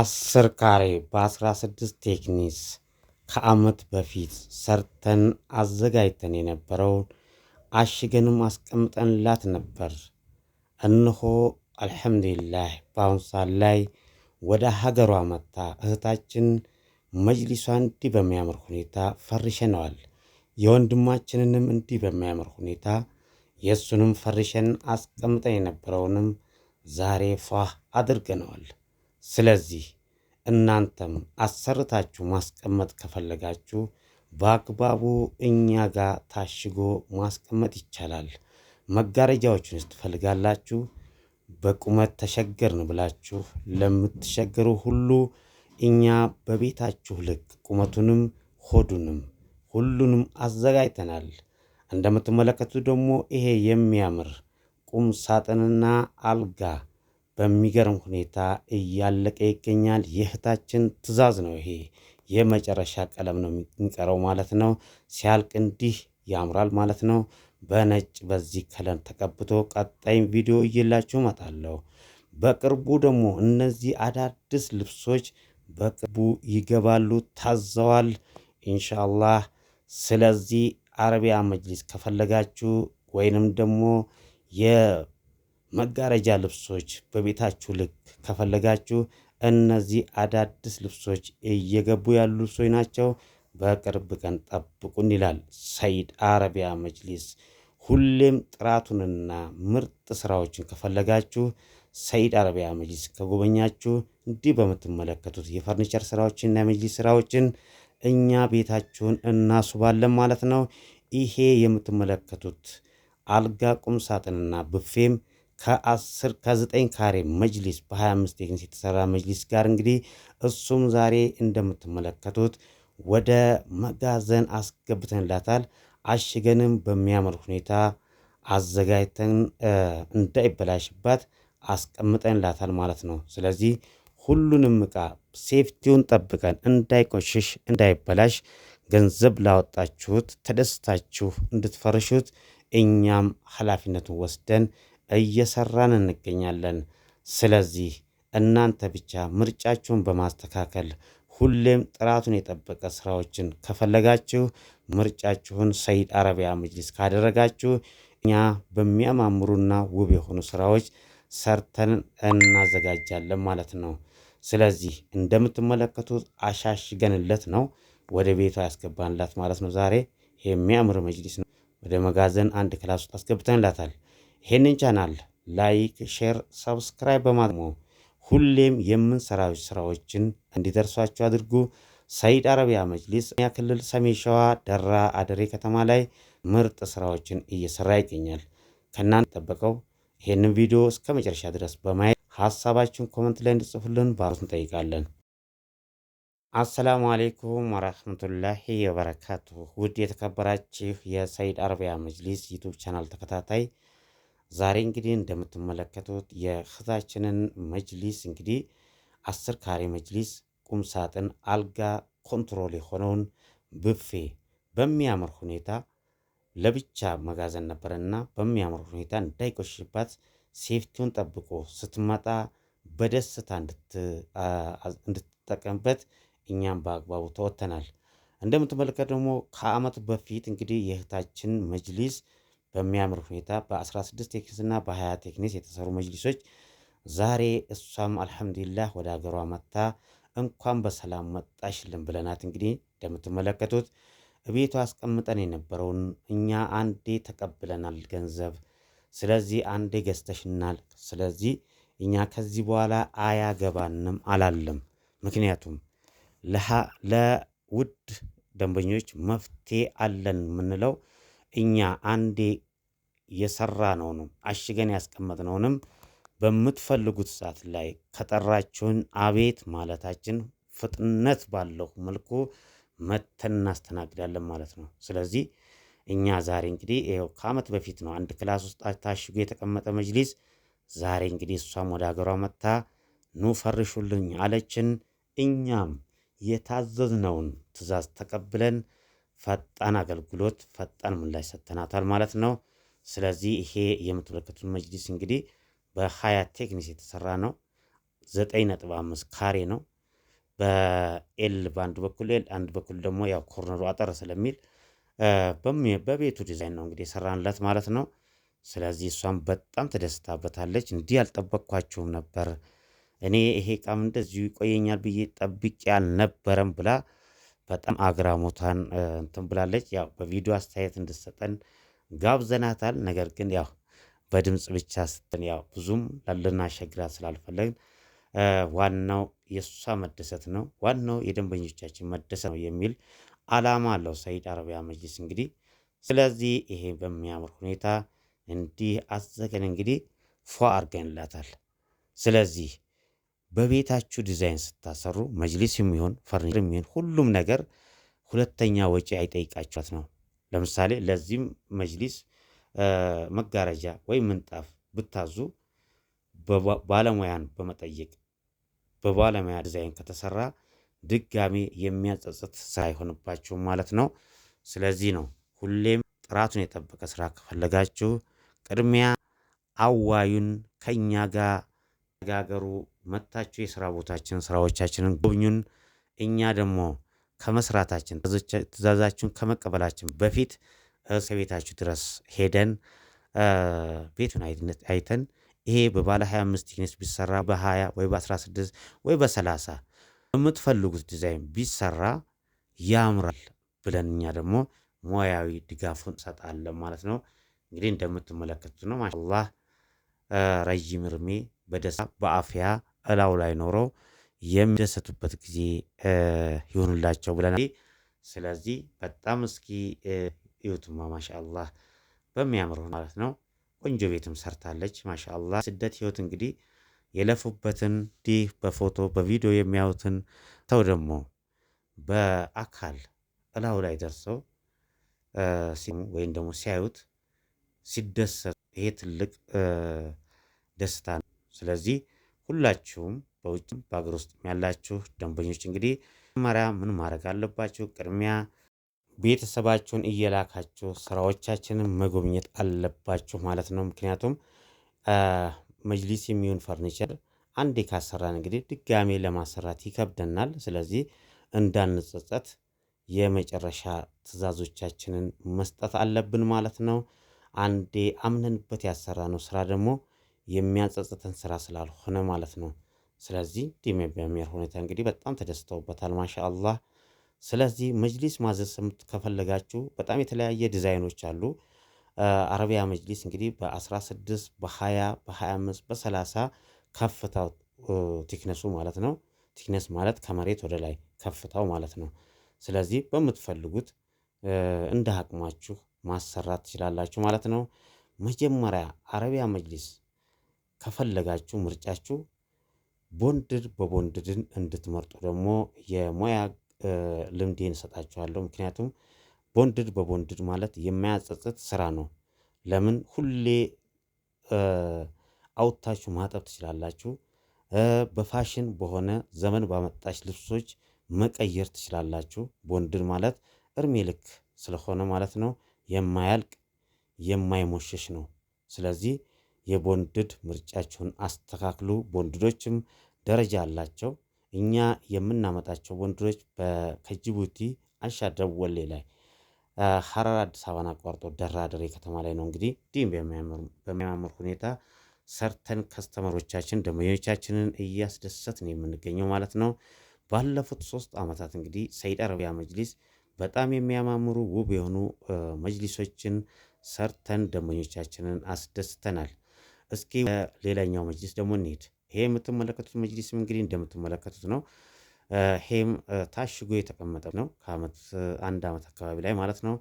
አስር ካሬ በ16 ቴክኒስ ከአመት በፊት ሰርተን አዘጋጅተን የነበረውን አሽገንም አስቀምጠንላት ነበር። እነሆ አልሐምዱሊላህ በአሁን ሰዓት ላይ ወደ ሀገሯ መታ እህታችን መጅሊሷን እንዲህ በሚያምር ሁኔታ ፈርሸነዋል። የወንድማችንንም እንዲህ በሚያምር ሁኔታ የእሱንም ፈርሸን አስቀምጠን የነበረውንም ዛሬ ፏህ አድርገነዋል። ስለዚህ እናንተም አሰርታችሁ ማስቀመጥ ከፈለጋችሁ በአግባቡ እኛ ጋር ታሽጎ ማስቀመጥ ይቻላል። መጋረጃዎችን ስትፈልጋላችሁ በቁመት ተሸገርን ብላችሁ ለምትሸገሩ ሁሉ እኛ በቤታችሁ ልክ ቁመቱንም ሆዱንም ሁሉንም አዘጋጅተናል። እንደምትመለከቱ ደግሞ ይሄ የሚያምር ቁም ሳጥንና አልጋ በሚገርም ሁኔታ እያለቀ ይገኛል። የእህታችን ትዕዛዝ ነው ይሄ የመጨረሻ ቀለም ነው የሚቀረው ማለት ነው። ሲያልቅ እንዲህ ያምራል ማለት ነው። በነጭ በዚህ ከለም ተቀብቶ ቀጣይ ቪዲዮ እየላችሁ እመጣለሁ። በቅርቡ ደግሞ እነዚህ አዳዲስ ልብሶች በቅርቡ ይገባሉ፣ ታዘዋል ኢንሻአላህ። ስለዚህ አረቢያ መጅሊስ ከፈለጋችሁ ወይንም ደግሞ መጋረጃ ልብሶች በቤታችሁ ልክ ከፈለጋችሁ እነዚህ አዳዲስ ልብሶች እየገቡ ያሉ ልብሶች ናቸው። በቅርብ ቀን ጠብቁን ይላል ሰይድ አረቢያ መጅሊስ። ሁሌም ጥራቱንና ምርጥ ስራዎችን ከፈለጋችሁ ሰይድ አረቢያ መጅሊስ ከጎበኛችሁ እንዲህ በምትመለከቱት የፈርኒቸር ስራዎችንና የመጅሊስ ስራዎችን እኛ ቤታችሁን እናስውባለን ማለት ነው። ይሄ የምትመለከቱት አልጋ፣ ቁም ሳጥንና ብፌም ከአስር ከዘጠኝ ካሬ መጅሊስ በ25 ቴክኒስ የተሰራ መጅሊስ ጋር እንግዲህ እሱም ዛሬ እንደምትመለከቱት ወደ መጋዘን አስገብተንላታል። አሽገንም በሚያምር ሁኔታ አዘጋጅተን እንዳይበላሽባት አስቀምጠንላታል ማለት ነው። ስለዚህ ሁሉንም እቃ ሴፍቲውን ጠብቀን እንዳይቆሽሽ፣ እንዳይበላሽ ገንዘብ ላወጣችሁት ተደስታችሁ እንድትፈርሹት እኛም ኃላፊነቱን ወስደን እየሰራን እንገኛለን። ስለዚህ እናንተ ብቻ ምርጫችሁን በማስተካከል ሁሌም ጥራቱን የጠበቀ ስራዎችን ከፈለጋችሁ ምርጫችሁን ሰይድ አረቢያ መጅሊስ ካደረጋችሁ እኛ በሚያማምሩና ውብ የሆኑ ስራዎች ሰርተን እናዘጋጃለን ማለት ነው። ስለዚህ እንደምትመለከቱት አሻሽገንለት ነው ወደ ቤቷ ያስገባንላት ማለት ነው። ዛሬ የሚያምር መጅሊስ ነው። ወደ መጋዘን አንድ ክላስ ውስጥ አስገብተንላታል። ይህንን ቻናል ላይክ፣ ሼር፣ ሰብስክራይብ በማድረግ ሁሌም የምንሰራው ስራዎችን እንዲደርሷቸው አድርጉ። ሰይድ አረቢያ መጅሊስ ኦሮሚያ ክልል ሰሜን ሸዋ ደራ አደሬ ከተማ ላይ ምርጥ ስራዎችን እየሰራ ይገኛል። ከእናንተ ጠበቀው ይህንን ቪዲዮ እስከ መጨረሻ ድረስ በማየት ሀሳባችን ኮመንት ላይ እንድጽፉልን ባሩት እንጠይቃለን። አሰላሙ አሌይኩም ወራህመቱላሂ ወበረካቱ። ውድ የተከበራችሁ የሰይድ አረቢያ መጅሊስ ዩቱብ ቻናል ተከታታይ ዛሬ እንግዲህ እንደምትመለከቱት የእህታችንን መጅሊስ እንግዲህ አስር ካሬ መጅሊስ ቁም ሳጥን፣ አልጋ፣ ኮንትሮል የሆነውን ብፌ በሚያምር ሁኔታ ለብቻ መጋዘን ነበረና በሚያምር ሁኔታ እንዳይቆሽባት ሴፍቲውን ጠብቆ ስትመጣ በደስታ እንድትጠቀምበት እኛም በአግባቡ ተወተናል እንደምትመለከት ደግሞ ከአመቱ በፊት እንግዲህ የእህታችን መጅሊስ በሚያምር ሁኔታ በ16 ቴክኒስ እና በ20 ቴክኒስ የተሰሩ መጅሊሶች ዛሬ እሷም አልሐምዱሊላህ ወደ ሀገሯ መጥታ እንኳን በሰላም መጣሽልን ብለናት እንግዲህ እንደምትመለከቱት ቤቷ አስቀምጠን የነበረውን እኛ አንዴ ተቀብለናል ገንዘብ። ስለዚህ አንዴ ገዝተሽናል። ስለዚህ እኛ ከዚህ በኋላ አያገባንም አላለም። ምክንያቱም ለውድ ደንበኞች መፍትሄ አለን የምንለው እኛ አንዴ የሰራ ነውንም አሽገን ያስቀመጥ ነውንም በምትፈልጉት ሰዓት ላይ ከጠራችሁን አቤት ማለታችን ፍጥነት ባለው መልኩ መተን እናስተናግዳለን ማለት ነው። ስለዚህ እኛ ዛሬ እንግዲህ ይኸው ከዓመት በፊት ነው አንድ ክላስ ውስጥ ታሽጎ የተቀመጠ መጅሊስ። ዛሬ እንግዲህ እሷም ወደ ሀገሯ መጥታ ኑ ፈርሹልኝ አለችን። እኛም የታዘዝነውን ትእዛዝ ተቀብለን ፈጣን አገልግሎት ፈጣን ምላሽ ሰጥተናታል ማለት ነው። ስለዚህ ይሄ የምትመለከቱት መጅሊስ እንግዲህ በሀያ ቴክኒስ የተሰራ ነው። ዘጠኝ ነጥብ አምስት ካሬ ነው። በኤል በአንድ በኩል ኤል አንድ በኩል ደግሞ ያው ኮርነሩ አጠር ስለሚል በቤቱ ዲዛይን ነው እንግዲህ የሰራንለት ማለት ነው። ስለዚህ እሷም በጣም ተደስታበታለች። እንዲህ አልጠበቅኳቸውም ነበር እኔ ይሄ እቃም እንደዚሁ ይቆየኛል ብዬ ጠብቄ አልነበረም ብላ በጣም አግራሞቷን እንትን ብላለች። ያው በቪዲዮ አስተያየት እንድሰጠን ጋብዘናታል። ነገር ግን ያው በድምፅ ብቻ ስጠን ያው ብዙም ልናሸግራት ስላልፈለግን ዋናው የእሷ መደሰት ነው፣ ዋናው የደንበኞቻችን መደሰት ነው የሚል አላማ አለው ሰይድ አረቢያ መጅሊስ እንግዲህ። ስለዚህ ይሄ በሚያምር ሁኔታ እንዲህ አዘገን እንግዲህ ፏ አድርገንላታል። ስለዚህ በቤታችሁ ዲዛይን ስታሰሩ መጅሊስ የሚሆን ፈርኒቸር የሚሆን ሁሉም ነገር ሁለተኛ ወጪ አይጠይቃችኋት ነው። ለምሳሌ ለዚህም መጅሊስ መጋረጃ ወይም ምንጣፍ ብታዙ ባለሙያን በመጠየቅ በባለሙያ ዲዛይን ከተሰራ ድጋሜ የሚያጸጽት ስራ አይሆንባችሁም ማለት ነው። ስለዚህ ነው ሁሌም ጥራቱን የጠበቀ ስራ ከፈለጋችሁ ቅድሚያ አዋዩን ከኛ ጋር ተነጋገሩ። መጥታችሁ የስራ ቦታችን ስራዎቻችንን ጎብኙን። እኛ ደግሞ ከመስራታችን ትዕዛዛችሁን ከመቀበላችን በፊት እስከ ቤታችሁ ድረስ ሄደን ቤቱን አይተን ይሄ በባለ 25 ቲክነስ ቢሰራ በ20 ወይ በ16 ወይ በ30 በምትፈልጉት ዲዛይን ቢሰራ ያምራል ብለን እኛ ደግሞ ሙያዊ ድጋፉን እንሰጣለን ማለት ነው። እንግዲህ እንደምትመለከቱት ነው። ማሻአላህ ረዥም እርሜ በደስታ በአፍያ እላው ላይ ኖሮ የሚደሰቱበት ጊዜ ይሆኑላቸው ብለናል። ስለዚህ በጣም እስኪ እዩትማ፣ ማሻአላህ በሚያምር ማለት ነው። ቆንጆ ቤትም ሰርታለች ማሻአላህ። ስደት ህይወት እንግዲህ የለፉበትን ዲህ በፎቶ በቪዲዮ የሚያዩትን ተው ደግሞ በአካል እላው ላይ ደርሰው ወይም ደግሞ ሲያዩት ሲደሰቱ ይሄ ትልቅ ደስታ ነው። ስለዚህ ሁላችሁም በውጭ በሀገር ውስጥ ያላችሁ ደንበኞች እንግዲህ መጀመሪያ ምን ማድረግ አለባችሁ? ቅድሚያ ቤተሰባችሁን እየላካችሁ ስራዎቻችንን መጎብኘት አለባችሁ ማለት ነው። ምክንያቱም መጅሊስ የሚሆን ፈርኒቸር አንዴ ካሰራን እንግዲህ ድጋሜ ለማሰራት ይከብደናል። ስለዚህ እንዳንጸጸት የመጨረሻ ትዕዛዞቻችንን መስጠት አለብን ማለት ነው። አንዴ አምነንበት ያሰራነው ስራ ደግሞ የሚያጸጽተን ስራ ስላልሆነ ማለት ነው። ስለዚህ ዲሜ በሚያምር ሁኔታ እንግዲህ በጣም ተደስተውበታል። ማሻ አላህ። ስለዚህ መጅሊስ ማዘዝ ከፈለጋችሁ በጣም የተለያየ ዲዛይኖች አሉ። አረቢያ መጅሊስ እንግዲህ በ16 በ20 በ25 በ30 ከፍታው ቲክነሱ ማለት ነው። ቲክነስ ማለት ከመሬት ወደ ላይ ከፍታው ማለት ነው። ስለዚህ በምትፈልጉት እንደ አቅማችሁ ማሰራት ትችላላችሁ ማለት ነው። መጀመሪያ አረቢያ መጅሊስ ከፈለጋችሁ ምርጫችሁ ቦንድድ በቦንድድን እንድትመርጡ ደግሞ የሙያ ልምዴን እሰጣችኋለሁ። ምክንያቱም ቦንድድ በቦንድድ ማለት የማያጸጽት ስራ ነው። ለምን ሁሌ አውጥታችሁ ማጠብ ትችላላችሁ። በፋሽን በሆነ ዘመን ባመጣች ልብሶች መቀየር ትችላላችሁ። ቦንድድ ማለት እርሜ ልክ ስለሆነ ማለት ነው። የማያልቅ የማይሞሸሽ ነው። ስለዚህ የቦንድድ ምርጫችሁን አስተካክሉ። ቦንድዶችም ደረጃ አላቸው። እኛ የምናመጣቸው ቦንድዶች ከጅቡቲ አሻ ወሌ ላይ ሀረር አዲስ አበባን አቋርጦ ደራደሬ ከተማ ላይ ነው እንግዲህ ዲም በሚያማምር ሁኔታ ሰርተን ከስተመሮቻችን ደንበኞቻችንን እያስደሰትን የምንገኘው ማለት ነው። ባለፉት ሶስት ዓመታት እንግዲህ ሰይድ አረቢያ መጅሊስ በጣም የሚያማምሩ ውብ የሆኑ መጅሊሶችን ሰርተን ደመኞቻችንን አስደስተናል። እስኪ ሌላኛው መጅሊስ ደግሞ እንሄድ። ይሄ የምትመለከቱት መጅሊስም እንግዲህ እንደምትመለከቱት ነው። ይሄም ታሽጎ የተቀመጠ ነው። ከአመት አንድ አመት አካባቢ ላይ ማለት ነው።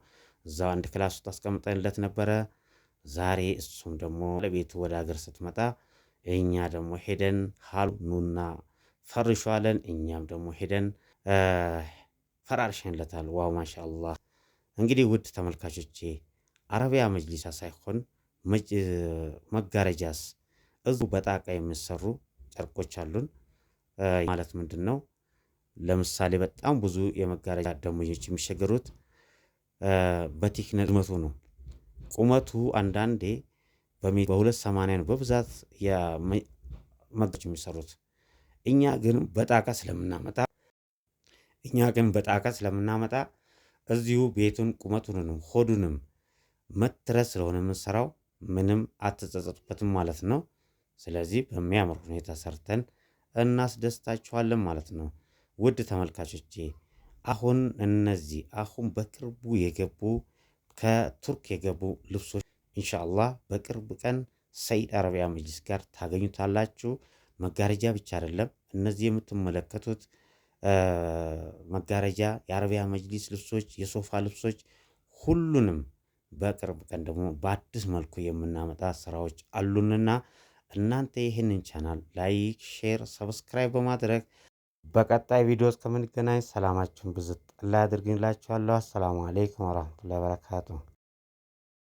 እዛው አንድ ክላስ ውስጥ አስቀምጠንለት ነበረ። ዛሬ እሱም ደግሞ ለቤቱ ወደ ሀገር ስትመጣ እኛ ደግሞ ሄደን ሀሉ ኑና ፈርሸዋለን። እኛም ደግሞ ሄደን ፈራርሸንለታል። ዋው ማሻ አላህ። እንግዲህ ውድ ተመልካቾቼ አረቢያ መጅሊሳ ሳይሆን መጋረጃስ እዙ በጣቃ የሚሰሩ ጨርቆች አሉን። ማለት ምንድን ነው? ለምሳሌ በጣም ብዙ የመጋረጃ ደንበኞች የሚሸገሩት በቴክኒክ ቁመቱ ነው። ቁመቱ አንዳንዴ በሁለት ሰማንያ ነው በብዛት መጋረጃ የሚሰሩት። እኛ ግን በጣቃ ስለምናመጣ እኛ ግን በጣቃ ስለምናመጣ እዚሁ ቤቱን ቁመቱንንም ሆዱንም መትረስ ስለሆነ የምንሰራው ምንም አትጸጸቱበትም ማለት ነው። ስለዚህ በሚያምር ሁኔታ ሰርተን እናስደስታችኋለን ማለት ነው። ውድ ተመልካቾቼ አሁን እነዚህ አሁን በቅርቡ የገቡ ከቱርክ የገቡ ልብሶች ኢንሻአላህ በቅርብ ቀን ሰይድ አረቢያ መጅሊስ ጋር ታገኙታላችሁ። መጋረጃ ብቻ አይደለም፣ እነዚህ የምትመለከቱት መጋረጃ፣ የአረቢያ መጅሊስ ልብሶች፣ የሶፋ ልብሶች ሁሉንም በቅርብ ቀን ደግሞ በአዲስ መልኩ የምናመጣ ስራዎች አሉንና እናንተ ይህንን ቻናል ላይክ፣ ሼር፣ ሰብስክራይብ በማድረግ በቀጣይ ቪዲዮ እስከምንገናኝ ሰላማችሁን ብዝት ጥላ ያድርግላችኋለሁ። አሰላሙ አሌይኩም ወረህመቱላሂ ወበረካቱሁ።